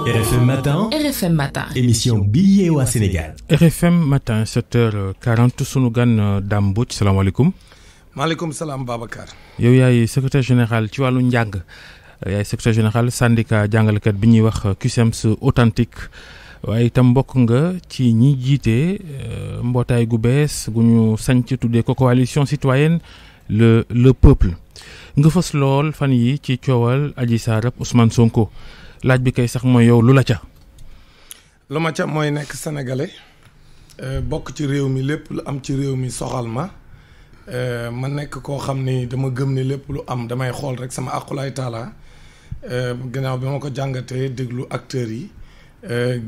RFM Matin. RFM Matin. émission Billet au Sénégal. RFM Matin 7h40 sunu gan salam euh, Mbodj Malikum salam salaam Babacar. yow yaay secrétaire général ci wàllu njàng euh, yaay secrétaire général syndicat jàngalekat bi ñuy wax euh, CUSEMS authentique waaye itam mbokk nga ci ñi jiite mbootaay gu bees gu ñu sanc tuddee ko coalition citoyenne le le peuple nga fës lool fan yi ci coowal Adji Sarr Ousmane Sonko. laaj bi kay sax mooy yow lu la ca lu ma ca mooy nekk sénégalais euh, bokk ci réew mi lépp lu am ci réew mi soxal ma euh, ma nekk koo xam ni dama gëm ni lépp lu am damay xool rek sama aqulaay taala euh, gannaaw bi ma ko jàngatee déglu acteurs yi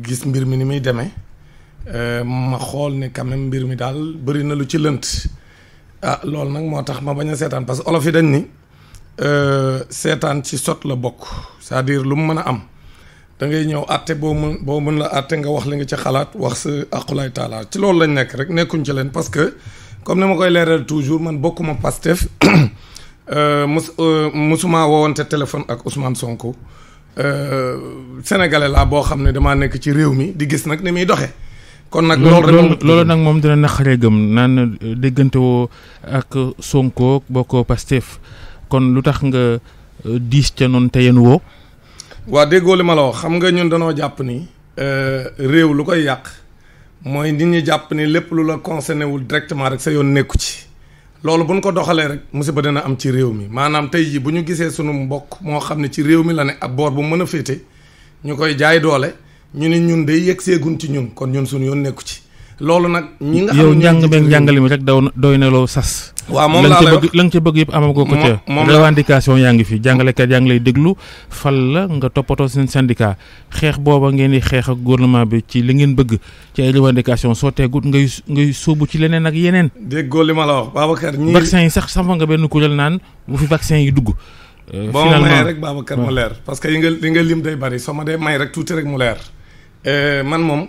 gis mbir mi ni muy demee ma xool ni quand même mbir mi daal bëri na lu ci lënt ah loolu nag moo tax ma bañ a seetaan parce que olof yi dañ ni Euh, seetaan ci sot la bokk cest à lu mu mën a am da ngay ñëw àtte boo mën boo mën la àtte nga wax li nga ci xalaat wax sa aqulaay taala ci loolu lañ nekk rek nekkuñ ci leen parce que comme ni ma koy leeral toujours man bokkuma Pastef mus euh, musuma euh, woowante téléphone ak Ousmane Sonko sénégalais laa boo xam ne damaa nekk ci réew mi di gis nag ni muy doxee. kon nag loolu loolu nag moom dina naqaree gëm naan déggante woo ak Sonko bokkoo Pastef kon lu tax nga euh, diis ca noonu te yéen woo. waa déggoo li ma la woo xam nga ñun danoo jàpp ni. Euh, réew lu koy yàq mooy nit ñi jàpp ni lépp lu la concerné wul directement rek sa yoon nekku ci. loolu bu ñu ko doxalee rek musiba dina am ci réew mi maanaam tey jii bu ñu gisee sunu mbokk moo xam ne ci réew mi la ne ak boor bu mën a féete ñu koy jaay doole ñu ne ñun day yegg seegun ci ñun kon ñun suñu yoon nekku ci. loolu nag ñi nga yow njàngale mi rek daw dooy na sas waa moom laa lay wax la nga ca bëgg yëpp amam ko ko ca revendication yaa ngi fi jàngalekat yaa ngi lay déglu fal la nga toppatoo seen syndicat xeex booba ngeen di xeex ak gouvernement bi ci li ngeen bëgg ci ay revendication soo teegut ngay ngay sóobu ci leneen ak yeneen déggoo li ma la wax Babacar ñi vaccin yi sax samp nga benn kuréel naan bu fi vaccin yi dugg euh, boo ma mayee rek Babacar mu leer parce que yi nga li nga lim day bari soo ma dee tuuti rek mu leer euh, man moom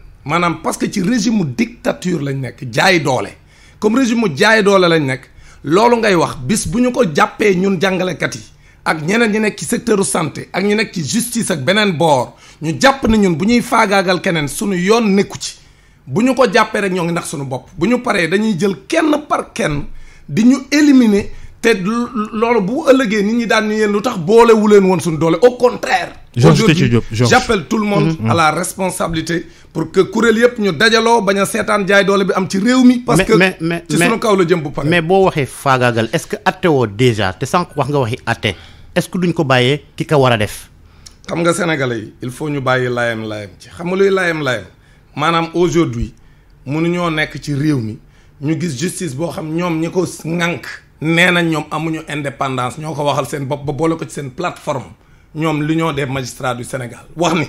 maanaam parce que ci régime dictature lañ nekk jaay doole comme régime jaay doole lañ nekk loolu ngay wax bis bu ñu ko jàppee ñun jàngalekat yi ak ñeneen ñi nekk ci secteur santé ak ñi nekk ci justice ak beneen boor ñu jàpp ne ñun bu ñuy faagaagal keneen suñu yoon nekku ci bu ñu ko jàppee rek ñoo ngi nax suñu bopp bu ñu paree dañuy jël kenn par kenn di ñu éliminer te loolu bu ëllëgee nit ñi daan ñu yéen lu tax boole woon suñu doole au contraire aujourd'hui j'appelle tout le monde mm-hmm. à la responsabilité pour que kuréel yëpp ñu dajaloo bañ seetaan jaay doole bi am ci réew mi. parce que ci sunu kaw la jëm bu pare. mais boo waxee faagaagal est-ce que atte woo déjà te sànq wax nga waxi atte est-ce que duñ ko bàyyee ki ko war a def. xam nga sénégalais yi il faut ñu bàyyi laayam laayam ci xam nga luy laayam laayam maanaam aujourd'hui mënuñoo nekk ci réew mi ñu gis justice boo xam ñoom ñi ko ŋànk nee nañ ñoom amuñu indépendance ñoo ko waxal seen bopp ba boole ko ci seen plateforme ñoom l'union des magistrats du Sénégal wax ni.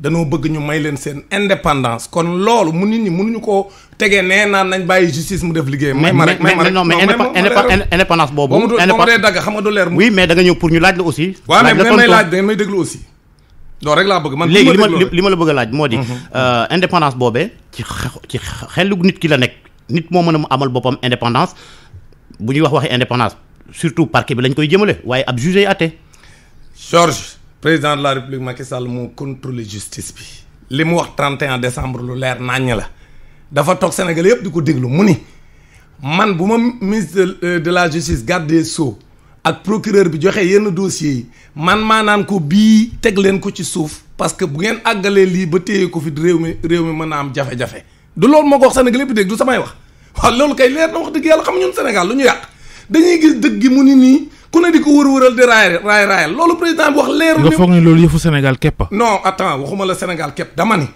danoo bëgg ñu may leen seen indépendance kon loolu mu nit ñi mënuñu koo tegee nee naan nañ bàyyi justice mu def liggéey may ma rek may ma rek non mais indépendance xam nga du leer oui mais da nga ñëw may laaj da aussi loolu rek laa bëgg man léegi li ma li ma la bëgg a laaj moo di mhm. euh, indépendance boobee ci ci xelu nit ki la nekk nit moo mën a mu amal boppam indépendance bu ñuy wax waxi indépendance surtout parquet bi lañ koy jëmale waaye ab juge até Georges président de la république Macky Sall moo contrôler justice bi limu wax 31 décembre lu leer nañ la dafa tok Sénégal yépp diko ko déglu mu man buma ministre euh, de la justice garde des sceaux ak procureur bi joxé yenn dossier yi man maa naan ko bi teg leen ko ci souf parce que bu ngeen agalé li ba téyé ko fi réew mi réew mi mën a am jafe-jafe du lool moo wax Sénégal yépp dégg du samay wax wa lool kay leer na wax dëgg yalla xam ñun Sénégal lu ñu yaq dañuy gis dëgg gi muni ni ku ne di ko wër-wëral di raay raay raayal loolu président bi wax leerul. nga foog ne loolu yëfu Sénégal képp non attends waxuma la Sénégal képp dama ni.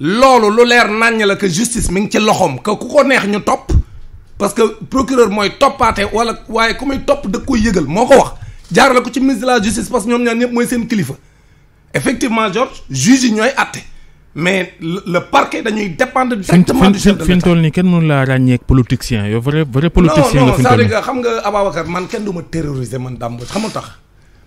loolu lu leer naññ la que justice mi ngi ci loxom que ku ko neex ñu topp parce que procureur mooy toppaate wala waaye ku muy topp da koy yëgal moo ko wax la ko ci ministre de la justice parce que ñoom ñaar ñëpp mooy seen kilifa effectivement Georges juge yi ñooy àtte mais le parquet dañuy dépendre directement du chef de l'État fi mu kenn politicien vrai vrai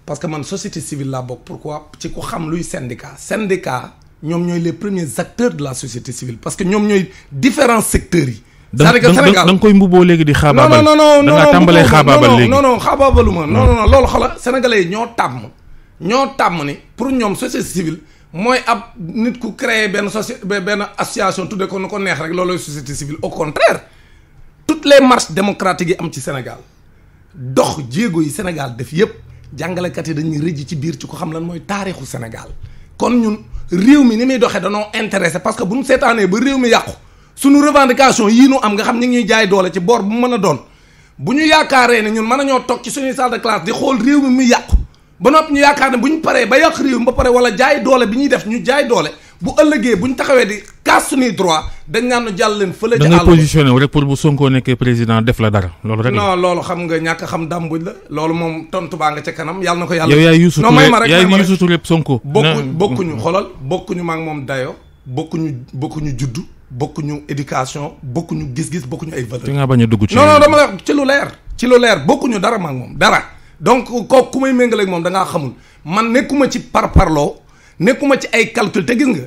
parce que man société civile pourquoi ci xam luy syndicat syndicat les premiers acteurs de la société civile parce que ñom différents secteurs yi vous non non non non non non non non, non, non, non, non, non, moy ab nit ku créer ben société ben association tudde ko nu ko neex rek lolou société civile au contraire toutes les marches démocratiques yi am ci Sénégal dox djégo yi Sénégal def yépp jàngalekat yi dañuy ni ci biir ci ko xam lan moy taarixu Sénégal kon ñun réew mi ni muy doxé danoo intéressé parce que buñu sétané ba réew mi yàqu suñu revendication yi ñu am nga xam ñu ngi ñuy jaay doole ci bor bu mën doon buñu ñu ñun mën ñoo tok ci suñu salle de classe di xool réew mi mi yàqu ba noppi ñu yaakaar ne bu ñu paree ba yàq réew ba pare wala jaay doole bi ñuy def ñu jaay doole bu ëllëgee bu ñu taxawee di kaas suñuy droit dañ naan nu jàll leen fële. ca àll da nga positionné wu rek pour nekkee président def la dara loolu rek. non loolu xam nga ñàkk xam dàmbuj la. loolu moom tontu baa nga ca kanam yàlla na ko yàlla. yow yaay Youssou Touré non may ma rek yaay Youssou Touré Sonko. bokkuñ bokkuñu mm-hmm. xoolal bokkuñu moom dayo bokkuñu bokkuñu juddu bokkuñu éducation bokkuñu gis-gis bokkuñu ay valeurs. te nga bañ dugg ci. non dama ci lu leer. ci lu bokkuñu dara ma moom dara donc kooku ku may méngale ak moom dangaa xamul man nekkuma ci par parparloo nekkuma ci ay calcul te gis nga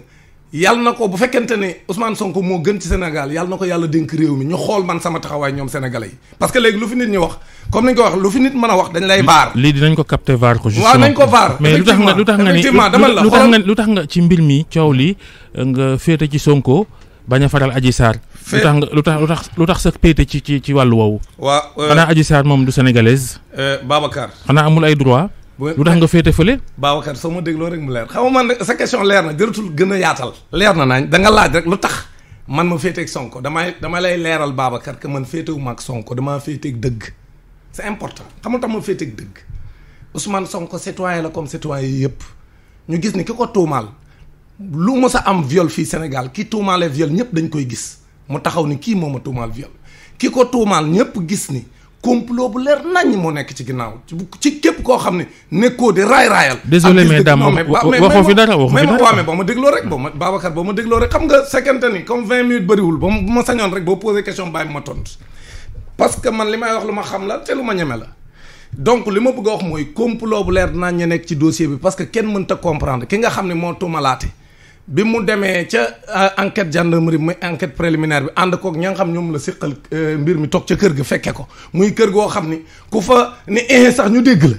yal na ko bu fekkente ne Ousmane Sonko moo gën ci Sénégal yàlla na ko yàlla dénk réew mi ñu xool man sama taxawaay ñoom sénégalais yi parce que léegi lu fi nit ñi wax comme nañ ko wax lu fi nit mën a wax dañ lay vaar lii dinañ ko capté vaar ko justement waaw nañ ko vaar mais lu tax nga lu tax nga ni lu tax nga ci mbir mi coow li nga féete ci Sonko bañ a faral Adji Sarr lutax lutax lutax lu tax sa péete ci ci ci wàllu woowu. waaw euh, xanaa aji sar mom du sénégalaise. Euh, Babacar. xanaa amul ay droit. lutax nga fété feulé Babacar soo ma dégloo rek mu leer xam man sa question leer na jërëtul gëna yaatal. leer na naañ da nga laaj rek lutax tax man ma ak Sonko damay dama lay léral Babacar que man féetewu ma ak Sonko damaa féeteeg deug c'est important xam tam mo fété féeteeg dëgg Ousmane Sonko citoyen la comme citoyen yépp ñu gis ni kiko ko lu mës a am viol fi Sénégal ki tuumaale viol ñëpp dañ koy gis mu taxaw ni kii moom a tuumaal viol ki ko tuumaal ñëpp gis ni complot bu leer naññ moo nekk ci ginnaaw ci képp koo xam ne nekkoo di raay raayal. désolé mais dama waxoo fi ba ma dégloo rek. ba ma Babacar ba ma dégloo rek xam nga sekkante ni comme vingt minutes bëriwul ba ma sañoon rek boo posé question bàyyi ma tontu parce que man li may wax lu ma xam la te lu ma ñeme la. donc li ma bëgg a wax mooy complot bu leer naññ nekk ci dossier bi parce que kenn mënta comprendre ki nga xam ne moo tuumalaate bi mu demee ca euh, enquête gendarmerie muy enquête préliminaire bi ànd kook ña xam ñoom la siqal euh, mbir mi toog ca kër ga fekke ko muy kër goo xam ni ku fa ni eh sax ñu dégg la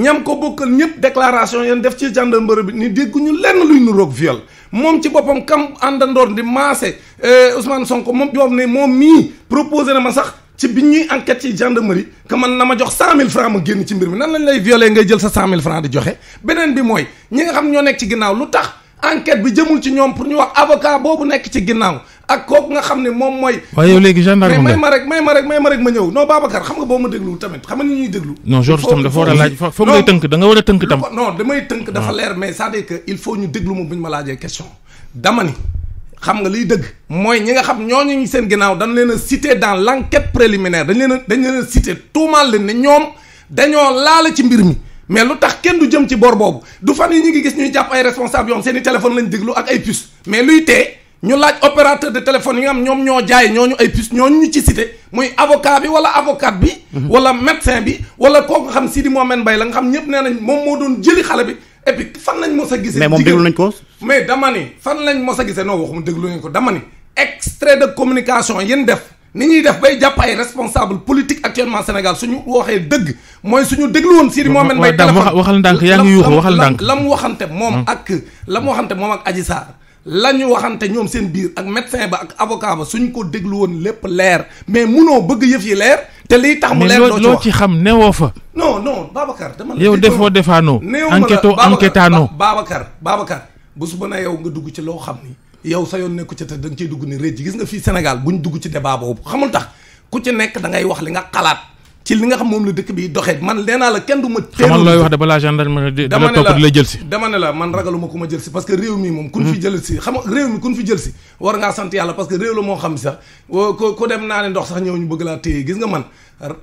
ñam ko bokkal ñëpp déclaration yéen def ci gendarmerie bi ni dégguñu lenn luy nuroog viol moom ci boppam kam àndandoor di maase euh, Ousmane Sonko moom joom ne moom mii proposé na ma sax ci bi ñuy enquête ci gendarmerie que man na ma jox cent mille francs ma génn ci mbir mi nan lañ lay violé ngay jël sa cent mille francs joxe beneen bi mooy ñi nga xam ci ginnaaw lu tax enquête bi jëmul ci ñoom pour ñu wax avocat boobu nekk ci ginnaaw ak kooku nga xam ne moom mooy. waaye yow léegi gendarme may ma rek may ma rek may ma rek ma ñëw non Babacar xam nga boo ma déglu tamit xam nga ni ñuy déglu. non Georges tam dafa war a laaj foog ngay tënk da nga war a tënk tam. non damay tënk dafa leer mais c'est-à-dire que il faut ñu déglu ma bu ma laajee question dama ni xam nga liy dëgg. mooy ñi nga xam ñoo ñu seen ginnaaw dañ leen a cité dans l' enquête préliminaire dañ leen a dañ leen a cité tuumaal leen ne ñoom dañoo laala ci mbir mi mais lutax kenn du jëm ci bor du ngi responsable yoon seen téléphone lañ diglu ak mais luy té ñu laaj opérateur de téléphone yi nga ñom ñoo jaay ay puce ñu ci cité muy avocat bi wala avocate bi mhm. wala médecin bi wala nga xam Sidi la nga xam doon jëli bi et puis fan lañ mais mais dama ni fan lañ ko extrait de communication y'en def ni ñuy def bay jappay responsable politique actuellement Sénégal suñu waxé deug moy suñu déglu won Sidi Mohamed Mbaye téléphone waxal ndank yaa ngi yuuxu waxal ndank lam mu waxante moom hmm. ak lam mu waxante moom ak Adji Sarr la ñu waxante ñoom seen biir ak médecin ba ak avocat ba suñ ko déglu won lépp lèr mais munoo bëgg yëf yi lèr té li tax mu lèr doo ci wax loo ci xam newoo fa non non Babacar dama la yow defoo defaanoo enquêto enquêtaanoo Babacar Babacar bu suba na yow nga dugg ci lo xam ni yow sa yoon nekku ci te da nga ciy dugg ni réej gis nga fii Sénégal buñ dugg ci débat boobu xamul tax ku ci nekk da ngay wax li nga xalaat ci li nga xam moom la dëkk bi doxe man leenaa la kenn du ma teel xamal wax de balaa gendarmerie di la topp di si dama ne la man ragaluma ku ma jël si parce que réew mi moom kun mhm. fi jël si xam réew mi kun fi jël war ngaa sant yàlla parce que réew la moo xam sax ku dem naa ne ndox sax ñëw ñu bëgg laa téye gis nga man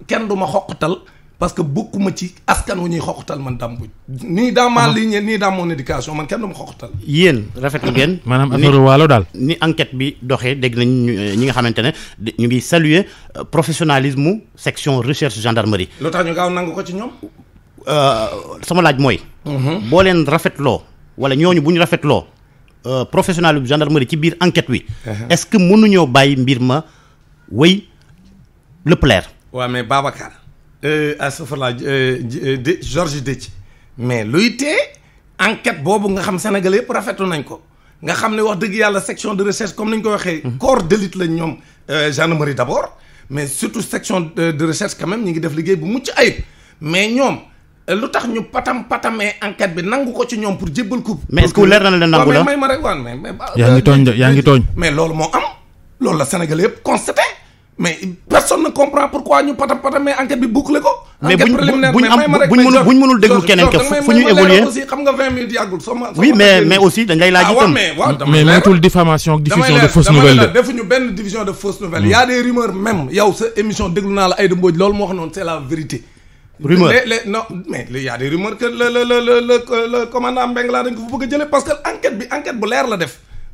kenn du ma xoqatal parce que ma ci askan wu ñuy xoxatal man Dame ni nii dans ma ligne ni dans mon éducation man kenn du ma xoxatal. yéen rafet ngeen. manam affaire walo dal ni enquête bi doxé deg nañ euh, ñi nga xamantene ne ñu ngi saluer euh, professionnalisme section recherche gendarmerie. lu tax ñu gaaw nang ko ci euh sama laaj mhm. bo len rafet lo wala ñoñu buñu rafet Lo. Euh, professionnel bu gendarmerie ci bir enquête wi. Mhm. est-ce que ñoo bàyyi mbir ma wey le plaire waaw mais Babacar à ce euh, astafurlah euh, di Georges Déthié mais luy tee enquête bobu, nga xam sénégalais yëpp rafetlu nañ ko nga xam ne wax dëgg yalla section de recherche comme niñ ko waxé mhm. corps d'élite lañ ñoom euh, gendarmerie d'abord mais surtout section de recherche quand même ñi ngi def liggéey bu mucc ayib mais ñom lutax ñu patam patamee enquête bi nangu ko ci ñom pour djébal coup mais est-ce que leer na la nangu la may ma rek waan mais. yaa ngi togn ya ngi togn mais loolu mo am loolu la sénégalais yëpp constaté mais personne ne comprend pourquoi nous, patam mais mais buñ mënul déglu oui mais aussi dañ lay mais de hmm. y a des rumeurs même yow sa émission déglu na la de Mbodj c'est la vérité. mais il y a des rumeurs que le commandant parce que enquête bi enquête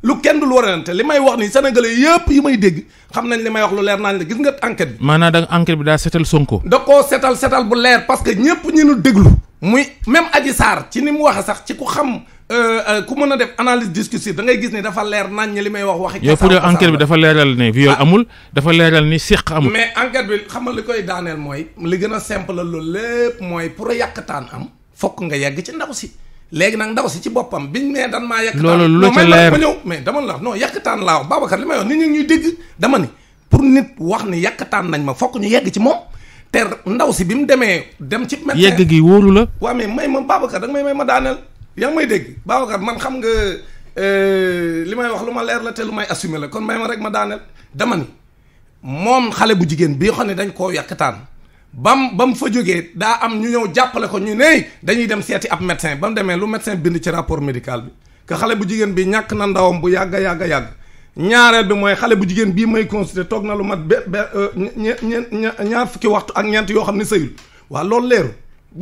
lu kenn lu dul warante li may wax ni sénégalais yëpp yi may dégg xam nañ li may wax lu leer naañ la gis nga enquête bi. maanaa da enquête bi daa setal Sonko. da koo setal setal bu leer parce que ñëpp ñu nu déglu. muy même Adji Sarr ci ni mu wax waxee sax ci ku xam euh, euh, ku mën a def analyse discursive dangay gis ne dafa leer nañ li may wax waxi. yow pour yow enquête bi dafa leeral ne viol ah. amul dafa leeral ni seq amul. mais enquête bi xam nga li koy daaneel mooy. li gën a simple la mooy pour yàq am. fokk nga yegg ci ndaw si. léegi nag ndaw si ci boppam biñ ne dan maa yàq loolu lu ca leer mais dama la non yàqtaan laaw Babacar li may wax nit ñi ñuy dégg dama ni pour nit wax ni yàqtaan nañ ma fokk ñu yegg ci moom te ndaw si bi mu demee dem ci médecin yegg gi wóoru la waaw may ma Babacar da nga may may ma daaneel yaa may dégg Babacar man xam nga euh, li may wax lu ma leer la te lu may assumer la kon may ma rek ma daaneel dama ni moom xale bu jigéen bi bii xam ne dañ koo yàqtaan ba mu ba mu fa jógee daa am ñu ñëw jàppale ko ñu ne dañuy dem seeti ab médecin ba mu demee lu médecin bind ci rapport médical bi que xale bu jigéen bi ñàkk na ndawam bu yàgg yàgg yàgg ñaareel bi mooy xale bu jigéen bii mooy consulter toog na lu mat be be euh, ñaar fukki waxtu ak ñeent yoo xam ne sëyul waaw loolu leeru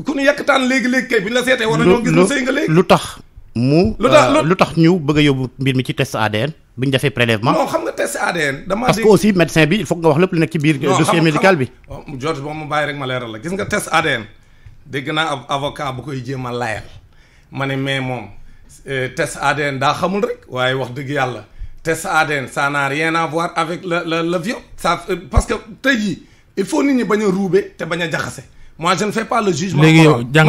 ku ñu taan léegi léegi kay bi ñu la seetee. war nañoo gis lu sëy nga léegi lu tax. mu. lutax euh, ñu bëgg a mbir mi ci test ADN. bi ñu prélèvement non xam nga test ADN. dama parce que aussi médecin bi il faut nga wax lepp li nek ci biir. dossier médical bi. Oh, George bo ma bay rek ma leeral la gis nga test ADN dégg na avocat bu koy jéem layal mané mais mom euh, test ADN da xamul rek waye wax dëgg yalla test ADN ça n'a rien à voir avec le le le vieux ça euh, parce que tay jii il faut nit ñi bañ a ruube te bañ a moi je ne fais pas le jugement légui yow nga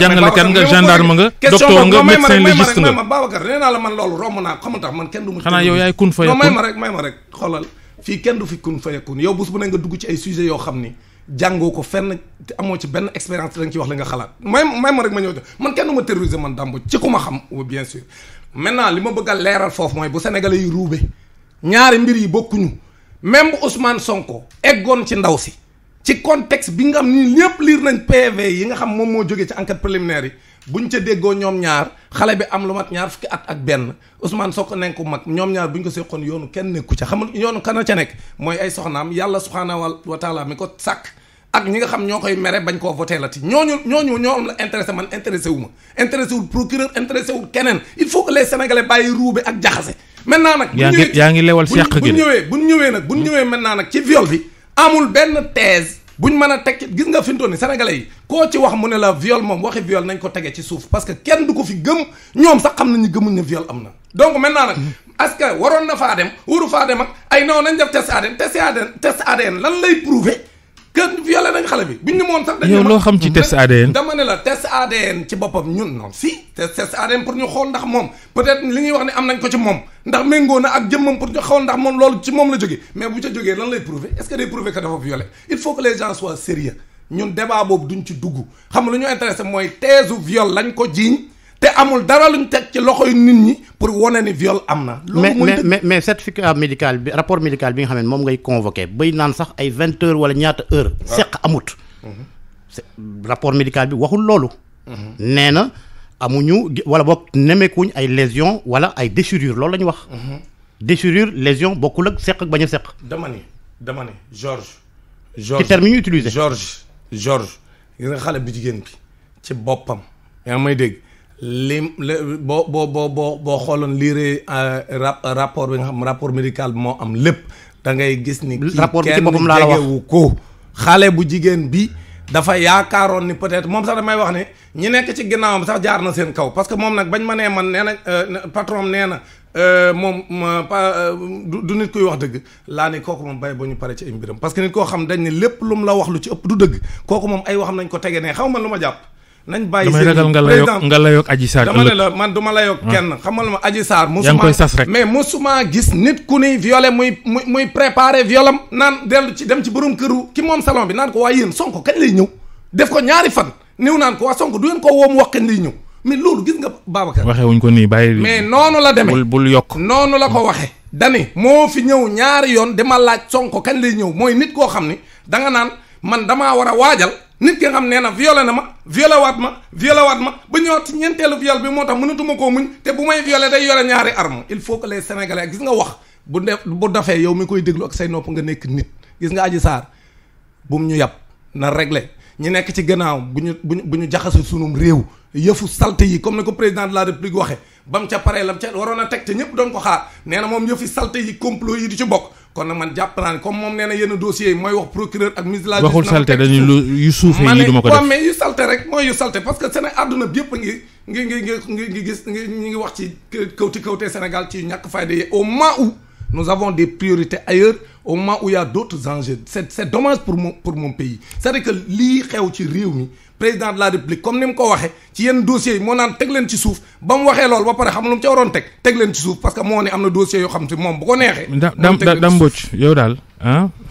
jangal kan nga gendarme nga docteur nga médecin légiste nga babacar neena la man lolou rom na xam tax man duma xana yow yaay kun rek rek xolal fi kenn du fi kun fa yow bus bu ne nga dugg ci ay sujet yo xamni jango ko fenn amo ci ben experience lañ ci wax la nga xalat may may ma rek ma ñew man kenn duma terroriser man dambo ci kuma xam bien sûr maintenant lima bëgg leral fofu moy bu sénégalais yi roubé ñaari mbir yi bokkuñu même Ousmane Sonko eggon ci ndaw si ci contexte bi nga xam ni lépp liir nañ PV yi nga xam moom moo jógee ci enquête préliminaire yi buñ ca déggoo ñoom ñaar xale bi am lu mat ñaar fukki at ak benn Ousmane Sonko nekk mag ñoom ñaar buñ ko seqoon yoonu kenn nekku ca xam yoonu kana ca nekk mooy ay soxnaam yàlla subhaanahu wa taala mi ko sàkk ak ñi nga xam ñoo koy mere bañ koo voté la ti ñooñu ñooñu ñoo am la intéressé man intéressé wu ma intéressé wul procureur intéressé keneen il faut que les sénégalais bàyyi ruube ak jaxase maintenant nag yaa ngi lewal seq gi bu ñëwee bu ñëwee nag bu ñëwee maintenant nag ci viol bi amul benn bu ñu mën a teg gis nga fintoon ni sénégalais yi koo ci wax mu ne la viol moom waxi viol nañ ko tege ci suuf parce que kenn du ko fi gëm ñoom sax xam nañu gëmuñ ne viol am na donc maintenant nag parce que waroon na faa dem waru faa dem ay non nañ def test ADN test ADN test ADN lan lay prouver que violé nañ xale bi buñ ne moon sax. dañu yow loo xam ci test ADN. dama ne la test ñu xool ndax moom peut-être li ñuy wax ne am nañ ko ci moom ndax méngoo na ak jëmmam pour ñu xool ndax moom loolu ci moom la jógee mais bu ca jógee lan lay prouver est-ce que day prouver que dafa violé il faut que les gens soient sérieux ñun débat boobu duñ ci dugg xam lu ñu intéressé mooy teesu viol lañ ko jiiñ te amul dara luñ teg ci loxoy nit ñi pour woné ni viol amna mais mais mais certificat médical bi rapport médical bi nga xamné mom ngay convoqué bay naan sax ay 20h wala ñaata heure ah. seq amut. rapport médical bi waxul lolu mhm. nee na amuñu wala bok nemmeekuñ ay lésions wala ay déchirures lolu lañ wax. Mhm. déchirure lésion bokkul ak seq ak baña a seq. dama ne dama ne Georges. Georges ci terme ñu utilisé. Georges Georges gis nga xale bu jigéen bi ci bopam yaa may dégg. lim boo boo boo boo boo xooloon liiree euh, rapport bi nga xam rapport médical bi moo am lépp da ngay gis ni. rapport bi ci boppam laa ko xale bu jigéen bi. dafa yaakaaroon ni peut-être moom sax damay wax ne ñi nekk ci ginnaawam sax jaar na seen kaw parce que moom nag bañ ma nee man nee na euh, patron nee na euh, moom du nit kuy wax dëgg laa ni kooku moom bay ba ñu pare ci ay mbiram parce nit koo xam dañ ne lépp lu mu la wax lu ci ëpp du dëgg kooku moom ay waxam nañ ko tege ne xaw man lu ma jàpp. nañ bàyyi damay ragal nga layoog nga layoog Adji Sarr dama ne la man du ma layoog ah. kenn xamal ma Adji Sarr mosuma yaa ngi koy sas rek mais mosuma gis nit ku ni violé muy muy muy préparé violam naan dellu ci dem ci borom këru ki moom salon bi naan ko waa yéen sonk kañ lay ñëw def ko ñaari fan niw naan ko waa Sonko du yéen ko woom wax kañ lay ñëw mais loolu gis nga Babacar waxee wuñ ko nii bàyyi mais noonu la deme bul yokk noonu la ko mm. waxee dani moo fi ñëw ñaari yoon dama laaj Sonko kañ lay ñëw mooy nit koo xam ni da naan man damaa war a waajal nit ki nga xam nee na violé na ma violé waat ma violé waat ma ba ñëwaat ci ñeenteelu viol bi moo tax mënatuma koo muñ te bu may violé day yore ñaari arme il faut que les sénégalais gis nga wax bu def bu dafee yow mi koy déglu ak say nopp nga nekk nit gis nga aji saar bum ñu yàpp na réglé ñu nekk ci gànnaaw bu ñu bu ñu bu ñu jaxase sunum réew yëfu salte yi comme ni ko président de la république waxee bam mu ca paree lam ca warona tek teg te ñëpp doon ko xaar néna mom moom yëfi salté yi complot yi di ci bok kon nag man japp naa ne comme mom néna na dossier moy wax procureur ak ministre de la waxul salte dañuy yu suufee yi du ma ko def mais yu salté rek moy yu salté parce que seen àdduna bi yëpp ngi ngi ngi ngi ngi gis ngi ngi wax ci kawti kawté Sénégal ci ñak fayda yi au moment où nous avons des priorités ailleurs au moment où il y a d'autres enjeux c'est c'est dommage pour mon pour mon pays c'est-à-dire que li xew ci réew mi président de la république comme ni mu ko waxee ci yenn dossiers yi moo naan teg leen ci suuf ba mu waxee loolu ba pare xam lu mu ca waroon teg teg leen ci suuf parce que moo ne am na dossiers yoo xam te moom bu ko neexee. moom teg leen yow daal ah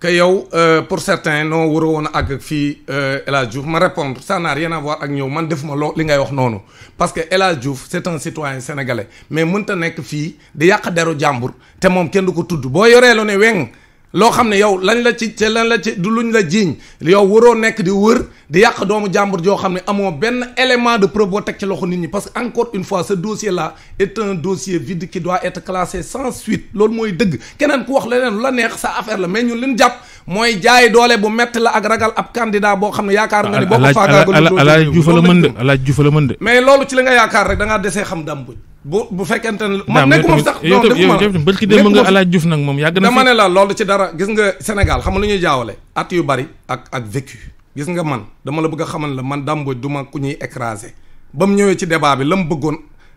que yow euh, pour certains noo war a woon a àgg fii euh, El Hadj Diouf ma répondre ça n'a rien à ak ñëw man defuma loo li ngay wax noonu parce que El Hadj Diouf c'est un citoyen sénégalais mais mënta nekk fii di yàq deru jàmbur te moom kenn du ko tudd boo yoree lu ne weng loo xam ne yow lañ la ci te lañ la ci du luñ la jiiñ yow waroo nekk di wër di yàq doomu jàmbur joo xam ne amoo benn élément de preuve boo teg ci loxo nit ñi parce que encore une fois ce dossier là est un dossier vide qui doit être classé sans suite loolu mooy dëgg keneen ku wax leneen la neex sa affaire la mais ñun li ñu jàpp mooy jaay doole bu metti la ak ragal ab candidat boo xam ne yaakaar nga ni boo ko faagaagal alaaj juufa la mën de alaaj juufa la mën de mais loolu ci la nga yaakaar rek da ngaa desee xam dàmbuñ bu bu fekkente ne. man nekkuma sax non ki yow barki démb nga alaaj juf nag moom yàgg na. dama ne la loolu ci dara gis nga Sénégal xam nga ñuy jaawale. at yu bari ak ak vécu gis nga man dama la bëgg a xamal la man dàmbooj du ma ku ñuy écrasé ba mu ñëwee ci débat bi la mu bëggoon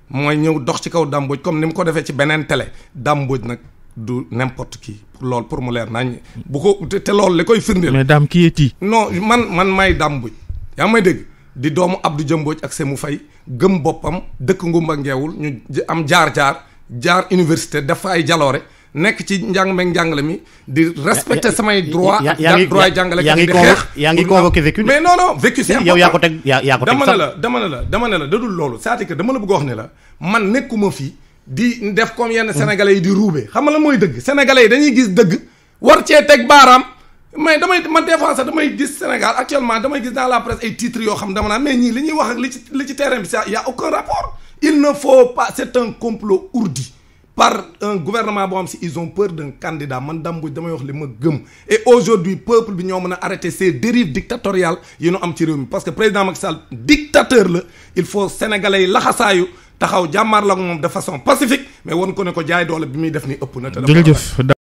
mooy ñëw dox ci kaw dàmbooj comme ni mu ko defee ci beneen télé dàmbooj nag du n'importe qui lool pour mu leer nañ bu ko te loolu li koy firndeel. mais daam kii non man man may dàmbooj yaa may dégg. di doomu Abdou Jëmbooj ak mu fay gëm boppam dëkk ngumba ngeewul ñu am jaar-jaar jaar université def fa ay jaloore nekk ci njàng meeg njàngale mi di respecter samay droit ak droit jàngale yaa ngi xeex yaa ngi convoqué vécu mais non non vécu ko teg yaa ko teg dama ne la dama ne la dama ne la dadul loolu c'est-à-dire que dama wax ne la man nekkuma fii di def comme yenn sénégalais yi di ruubee xam nga la mooy dëgg sénégalais yi dañuy gis dëgg war cee teg baaraam mais damay man des fois damay gis Sénégal actuellement damay gis dans la presse ay titres yo xam dama naan mais ni li ñuy wax ak li ci li ci terrain bi ça y a aucun rapport il ne faut pas c'est un complot ourdi par un gouvernement bo xam si ils ont peur d'un candidat man Dame Mbodj damay wax li ma gëm et aujourd'hui peuple bi ñoo mëna arrêter ces dérives dictatoriales yi ñu am ci réew mi parce que président Macky Sall dictateur la il faut sénégalais yi laxasaayu taxaw jamar la moom de façon pacifique mais won ko ne ko jaay doole bi muy def ni ëpp na